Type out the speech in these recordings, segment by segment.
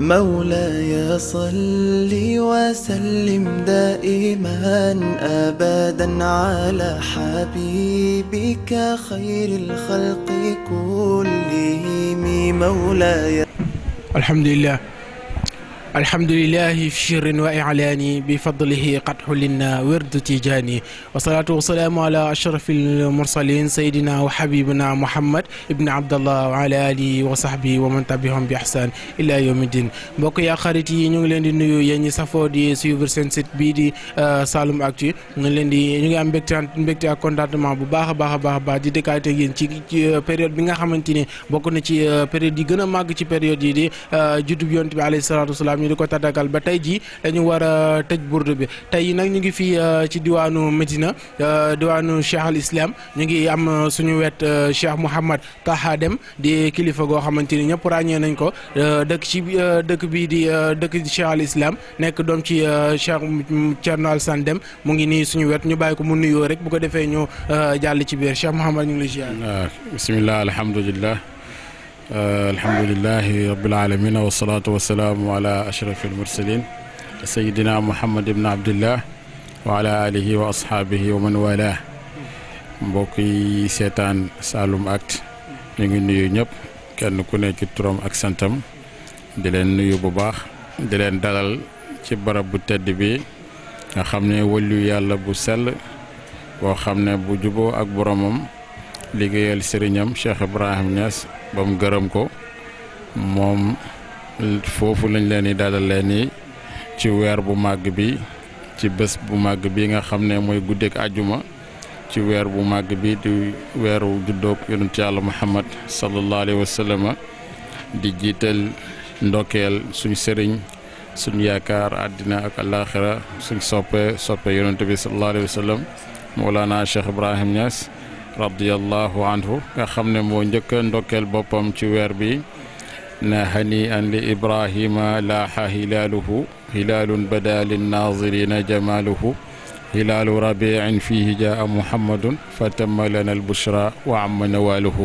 مولاي صل وسلم دائما ابدا على حبيبك خير الخلق كلهم مولاي الحمد لله الحمد لله في شر وإعلاني بفضله قد حلنا ورد تيجاني وصلاة والسلام على أشرف المرسلين سيدنا وحبيبنا محمد ابن عبد الله وعلى آله وصحبه ومن تبعهم بإحسان إلى يوم الدين بقي آخرتي نغلين دي نيو يني سفو دي سيوفر سنسيت بي دي سالم أكتو نغلين دي نيو أمبكتا كونتات ما بباها باها باها با دي دكاية تيجين تي period بيغا خمنتيني بقونا تي period دي غنا ماغ تي period دي دي جدو بيون تبع عليه الصلاة والسلام ñu di ko tàggatal ba tey jii dañu war a tëj burdu bi tey nag ñu ngi fii euh, ci diwaanu Medina euh, diwaanu Cheikh al Islam ñu ngi am euh, suñu wet Cheikh Mouhamad Taha Dem di kilifa goo xamante ni ñëpp ràññee nañ ko dëkk ci dëkk bii di dëkk Cheikh al Islam nekk doom ci Cheikh Thierno Alassane Dem mu ngi nii suñu wet ñu bàyyi ko mu nuyoo rek bu ko defee ñu jàll ci biir Cheikh Mouhamad ñu ngi lay ziar. Ah, bismillah alhamdulillah. آه، الحمد لله رب العالمين والصلاة والسلام على أشرف المرسلين سيدنا محمد بن عبد الله وعلى آله وأصحابه ومن والاه مبوكي سيتان سالوم أكت نيغي نيو نيب كين كو نيكي تروم اك سانتام دي لين نيو بو باخ دي لين دالال سي بو تيد بي وليو يالا سل بو خامني بو liggéeyal sëriñam Cheikh Ibrahim Niass ba mu gërëm ko moom foofu lañ leen di dalalee nii ci weer bu màgg bi ci bés bu màgg bi nga xam ne mooy guddeeg àjjuma ci weer bu màgg bi di weeru juddoog yonent yàlla Muhammad sallallahu alayhi wa sallam di jiital ndokkeel suñ sëriñ suñ yaakaar àddina ak alaaxira suñ soppe soppe yonent bi sallallahu alayhi wa sallam Mawlana Cheikh Ibrahim Niass. رضي الله عنه خمن مونجك ندوكل بوبم تي وير بي نهني ان لابراهيم لاح هلاله هلال بدا للناظرين جماله هلال ربيع فيه جاء محمد فتم لنا البشرى وعم نواله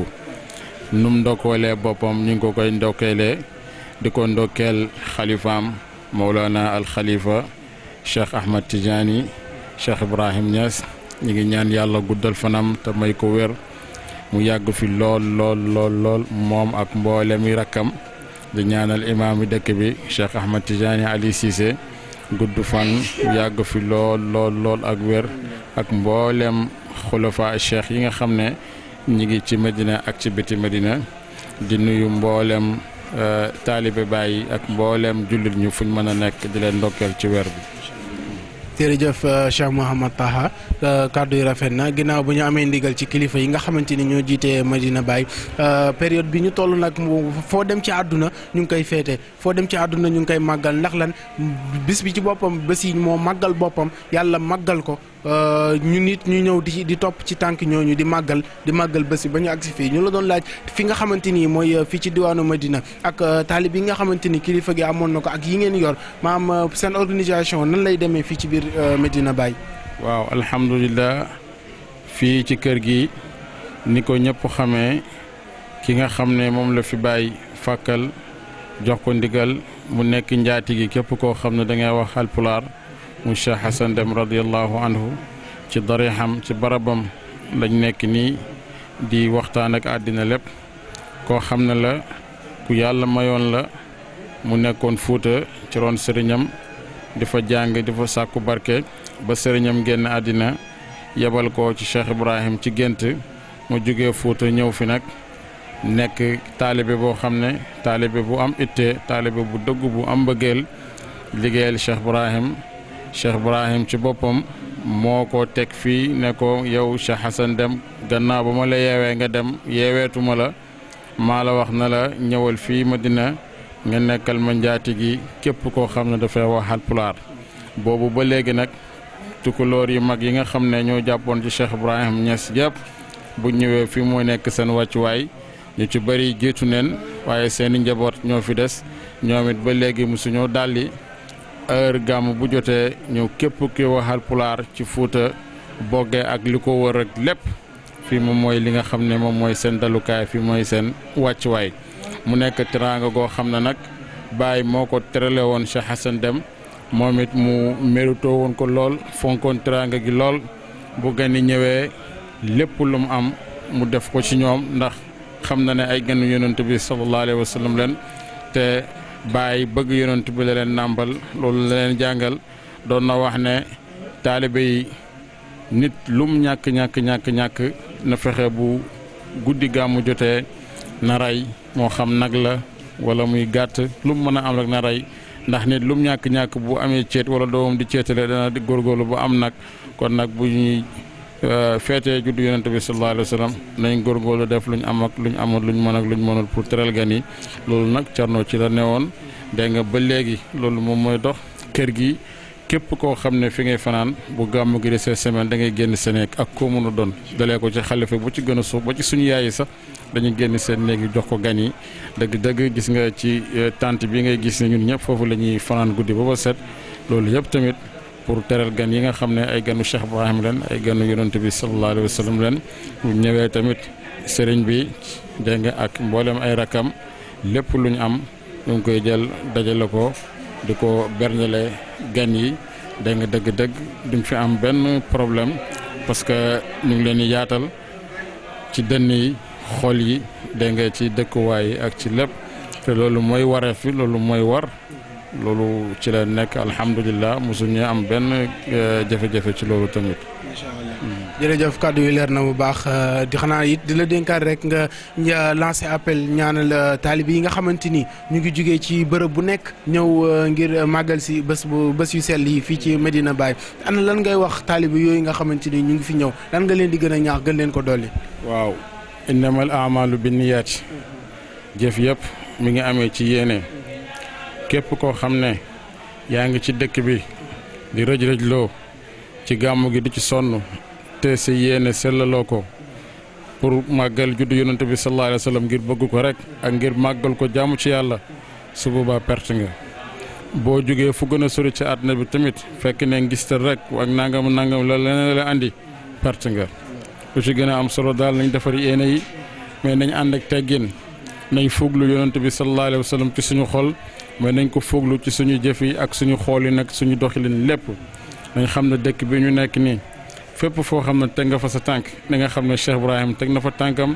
نم دوكل بوبم نينكو كاي ندوكل ديكو ندوكل خليفام مولانا الخليفه شيخ احمد تجاني شيخ ابراهيم نياس ñu ngi ñaan yàlla guddal fanam te may ko wér mu yàgg fi lool lool lool moom ak mboolem yi rakkam di ñaanal imaamu dëkk bi Cheikh Ahmed Tidiane Ali Cissé gudd fan yàgg fi lool lool ak wér ak mbooleem xulafa cheikh yi nga xam ne ñi ngi ci Medina ak ci biti Medina di nuyu mboolem eh, taalibe bàyyi ak mboolem jullit ñu fuñ mën a nekk di leen ndokkeel ci weer bi. jërëjëf euh, Cheikh Mouhamad Taha euh, kàddu yi rafet na ginnaaw bu ñu amee ndigal ci kilifa yi nga xamante ni ñoo jiitee Medina Baye euh, période bi ñu toll nag foo dem ci àdduna ñu ngi koy féete foo dem ci àdduna ñu ngi koy màggal ndax lan bis bi ci boppam bés yi moo màggal boppam yàlla màggal ko Euh, ñu nit ñu ñëw di di topp ci tànk ñooñu di màggal di màggal ba si ba ñu agsi fii ñu la doon laaj fi nga xamante ni mooy euh, fii ci diwaanu Madina ak euh, taalib yi nga xamante ni kilifa gi amoon na ko ak yi ngeen yor maam seen organisation nan lay demee fii ci biir Medina Baye. waaw alhamdulilah fii ci kër gi ni ko ñëpp xamee ki nga xam ne moom la fi bàyyi fàkkal jox ko ndigal mu nekk njaati gi képp koo xam ne dangay ngay wax alpulaar mu Cheikh Hassan Deme radiallahu anhu ci darixam ci barabam lañ nekk nii di waxtaan ak àddina lépp koo xam ne la ku yàlla mayoon la mu nekkoon fuuta ci roon sëriñam di fa jàng di fa sàkku barke ba sëriñam génn àddina yebal ko ci Cheikh Ibrahim ci gént mu jóge fuuta ñëw fi nag nekk taalibe boo xam ne taalibe bu am itte taalibe bu dëgg bu am mbëggeel liggéeyal Cheikh Ibrahim Cheikh Ibrahim ci boppam moo ko teg fii ne ko yow Cheikh Hassan dem gannaaw ba ma la yeewee nga dem ma la maa la wax na la ñëwal fii ma dina nga nekkal ma njaati gi képp koo xam ne dafay wax Haalpulaar boobu ba léegi nag tukulóor yu mag yi nga xam ne ñoo jàppoon ci Cheikh Ibrahim Niass yëpp bu ñëwee fii mooy nekk seen wàccuwaay ñu ci bëri jiitu neen waaye seeni njaboot ñoo fi des ñoom ba léegi mosuñoo dalli heure gàmm bu jotee ñëw képp ki waxal pulaar ci Fuuta Boge ak li ko wër ak lépp fii moom mooy li nga xam ne moom mooy seen dalukaay fii mooy seen wàccuwaay mu nekk teraanga goo xam ne nag Baay moo ko terale woon Cheikh Hassan Deme moom it mu méritoo woon ko lool fonkoon teraanga gi lool bu gan yi ñëwee lépp lu mu am mu def ko ci ñoom ndax xam na ne ay ganu yonent bi sallallahu alayhi wa sallam leen te bàyyi bëgg yonent bi la leen nàmpal loolu la leen jàngal doon na wax ne taalibe yi nit lum ñàkk ñàkk ñàkk ñàkk na fexe bu guddi gàmmu jotee na rey moo xam nag la wala muy gàtt lum mën a am rek na rey ndax nit lum ñàkk ñàkk bu amee ceet wala doomam di ceetale dana góorgóorlu ba am nag kon nag bu ñuy Euh, feetee juddu yonent bi sallallahu alayhi wa sallam nañ góorgóorlu lu ñu am ak luñ amul luñ mën ak luñ mënul pour teral gan yi loolu nag Thierno ci la newoon dégg nga ba léegi loolu moom mooy dox kër gi képp koo xam ne fi ngay fanaan bu gàmmu gi de ces semaine dangay génn sa néeg ak koo mën a doon dalee ko ci xalifa bu ci gën a suuf ba ci suñu yaay sax dañu génn seen léegi jox ko gan yi dëgg-dëgg gis nga ci euh, tant bi ngay gis ne ñun ñëpp foofu la ñuy fanaan guddi ba ba loolu yëpp tamit. pour teral gan yi nga xam ne ay ganu Cheikh Ibrahim leen ay ganu yonent bi sallallahu alayhi wa sallam leen bu ñëwee tamit sëriñ bi dégg nga ak mboolem ay rakam lépp lu ñu am ñu ngi koy jël dajale ko di ko bernale gan yi dégg nga dëgg-dëgg duñ fi am benn problème parce que ñu ngi leen di yaatal ci dënn yi xool yi dégg nga ci dëkkuwaay yi ak ci lépp te loolu mooy wareef fi loolu mooy war. loolu ci la nekk alhamdulilah mosuñu am benn euh, jafe-jafe ci loolu tamit. macha allah kàddu yi leer na bu baax euh, di xanaa it di la dénkaat rek nga lancé appel ñaanal euh, taalib yi nga xamante ni ñu ngi jugee ci bërëb bu nekk ñëw ngir màggal si bés bu bés yu sell yi fii ci Medina Baye ana lan ngay wax taalib yooyu nga xamante ni ñu ngi fi ñëw lan nga leen di gën a ñaax gën leen ko dolli. waaw innamal amalu binniyaat jëf yëpp mu ngi amee ci yéene. képp koo xam ne yaa ngi ci dëkk bi di rëj-rëjloo ci gàmmu gi di ci sonn te si yéene sellaloo ko pour màggal juddu yonante bi sallallahu alayhi ngir bëgg ko rek ak ngir màggal ko jaamu ci yàlla su boobaa perte nga boo jógee fu gën a sori ci àdduna bi tamit fekk ne ngistal rek ak nangam nangam la leneen la andi perte nga lu ci gën a am solo daal nañ defar yéene yi mais nañ ànd ak teggin nañ fuglu yonante bi sallallahu alayhi wa ci suñu xol mooy nañ ko fooglu ci suñu jëf yi ak suñu xool yi nag suñu doxalin lépp nañ xam na dëkk bi ñu nekk nii fépp foo xam ne teg nga fa sa tànk da nga xam ne Cheikh Ibrahim teg na fa tànkam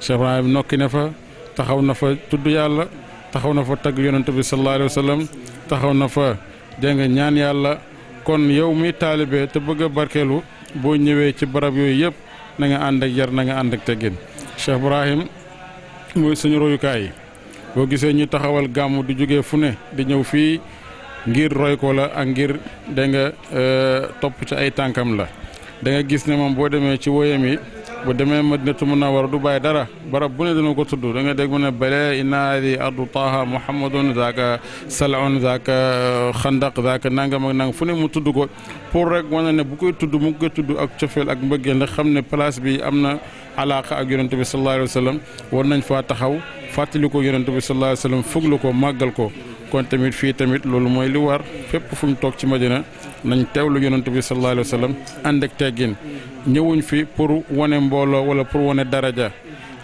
Cheikh Ibrahim nokki na fa taxaw na fa tudd yàlla taxaw na fa tagg yonent bi sallallahu alayhi wa sallam taxaw na fa dégg ñaan yàlla kon yow mi taalibe te bëgg a barkeelu boo ñëwee ci barab yooyu yëpp nanga ànd ak yar na nga ànd ak teggin Cheikh Ibrahim mooy suñu royukaay yi boo gisee ñu taxawal gàmm du jóge fu ne di ñëw fii ngir roy ko la ak ngir da nga euh, topp ci ay tànkam la da nga gis ne moom boo demee ci woyam yi bu demee madinatu munawara du bàyyi dara barab bu ne dana ko tudd da nga dégg mu ne bale inna hadi ardu taha muhammadun zaaka salon zaaka xandaq zaaka nanga ma nang fu ne mu tudd ko pour rek wane ne bu koy tudd mu ngi tudd ak cofeel ak mbëggeel ndax xam ne place bi am na alaqa ak yonente bi sallallahu alayhi war nañ faa taxaw fàttali ko yonente bi sallallahu alayhi wa sallam fuglu ko màggal ko kon tamit fii tamit loolu mooy li war fépp fu ñu toog ci Madina nañ teewlu yonent bi sallallahu alayhi wa sallam ànd ak teggin ñëwuñ fi pour wane mbooloo wala pour wane daraja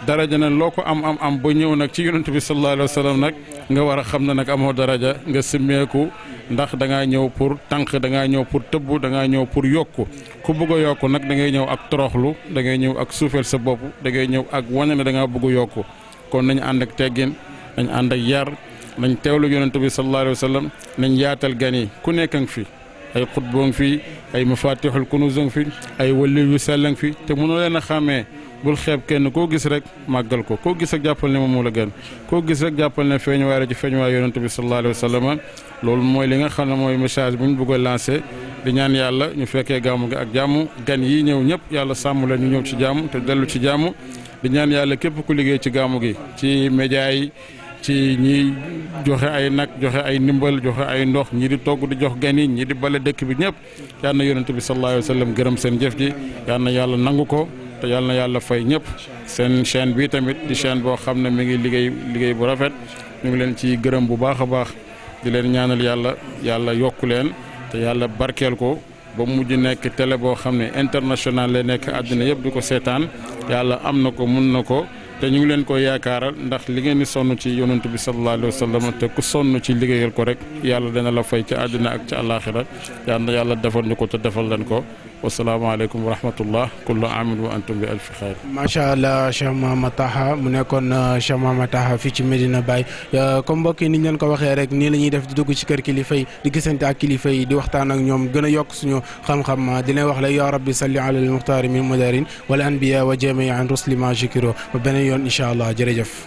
daraja na loo ko am am am ba ñëw nag ci yonent bi sallallahu alayhi wa nag nga war a xam ne nag amoo daraja nga simmeeku ndax da ngaa ñëw pour tànq da ngaa ñëw pour tëbb da ñëw pour yokk ku bëgg a yokku nag da ngay ñëw ak toroxlu da ngay ñëw ak suufeel sa bopp da ngay ñëw ak wane ne da ngaa bëgg yokku kon nañ ànd ak teggin nañ ànd ak yar nañ teewlu yonent bi sallallahu alayhi wa sallam nañ yaatal gan yi ku nekk nga fi ay xutboo nga fi ay mafatixul kunuz nga fi ay waliw yu sell nga fi te mënoo leen a xàmmee bul xeeb kenn koo gis rek màggal ko koo gis rek jàppal ne moom la gan koo gis rek jàppal ne feeñ waay la ci feeñ waay yonent bi sallallahu alayhi wa sallam loolu mooy li nga xam ne mooy message bu ñu bëgg lancé di ñaan yàlla ñu fekkee gàmmu gi ak jàmm gan yi ñëw ñëpp yàlla sàmm la ñu ñëw ci jàmm te dellu ci jàmm ñaan yàlla képp ku liggéey ci gàmmu gi ci ñi joxe ay nag joxe ay ndimbal joxe ay ndox ñi di togg di jox gan yi ñi di bale dëkk bi ñëpp yal na yonent bi sallallahu alayhi gërëm seen jëf ji yal na yàlla nangu ko te yal na yàlla fay ñëpp seen chaîne bi tamit di chaîne boo xam ne mi ngi liggéey liggéey bu rafet ñu ngi leen ci gërëm bu baax a baax di leen ñaanal yàlla yàlla yokk leen te yàlla barkeel ko ba mujj nekk télé boo xam ne international lay nekk àddina yëpp di ko seetaan yàlla am na ko mun na ko te ñu ngi leen ko yaakaaral ndax li ngeen sonn ci yonantu bi sallallahu alayhi wa sallam te ku sonn ci liggéeyal ko rek yàlla dana la fay ci àddina ak ci àllaaxira yàlla defal ñu ko te defal leen ko والسلام عليكم ورحمة الله كل عام وأنتم بألف خير ما شاء الله شما متاحة من يكون شما متاحة في مدينة باي يا كم بقى نيجان كوا خيرك نيل نيجي دفتر دوكي شكر كلي في ديك سنتي أكلي في دي وقت أنا يوم جنا يوكس نيو خم خم دينا وخلا يا رب يصلي على المختار من المدارين والأنبياء وجميع عن رسل ما شكروا وبنيون إن شاء الله جرجف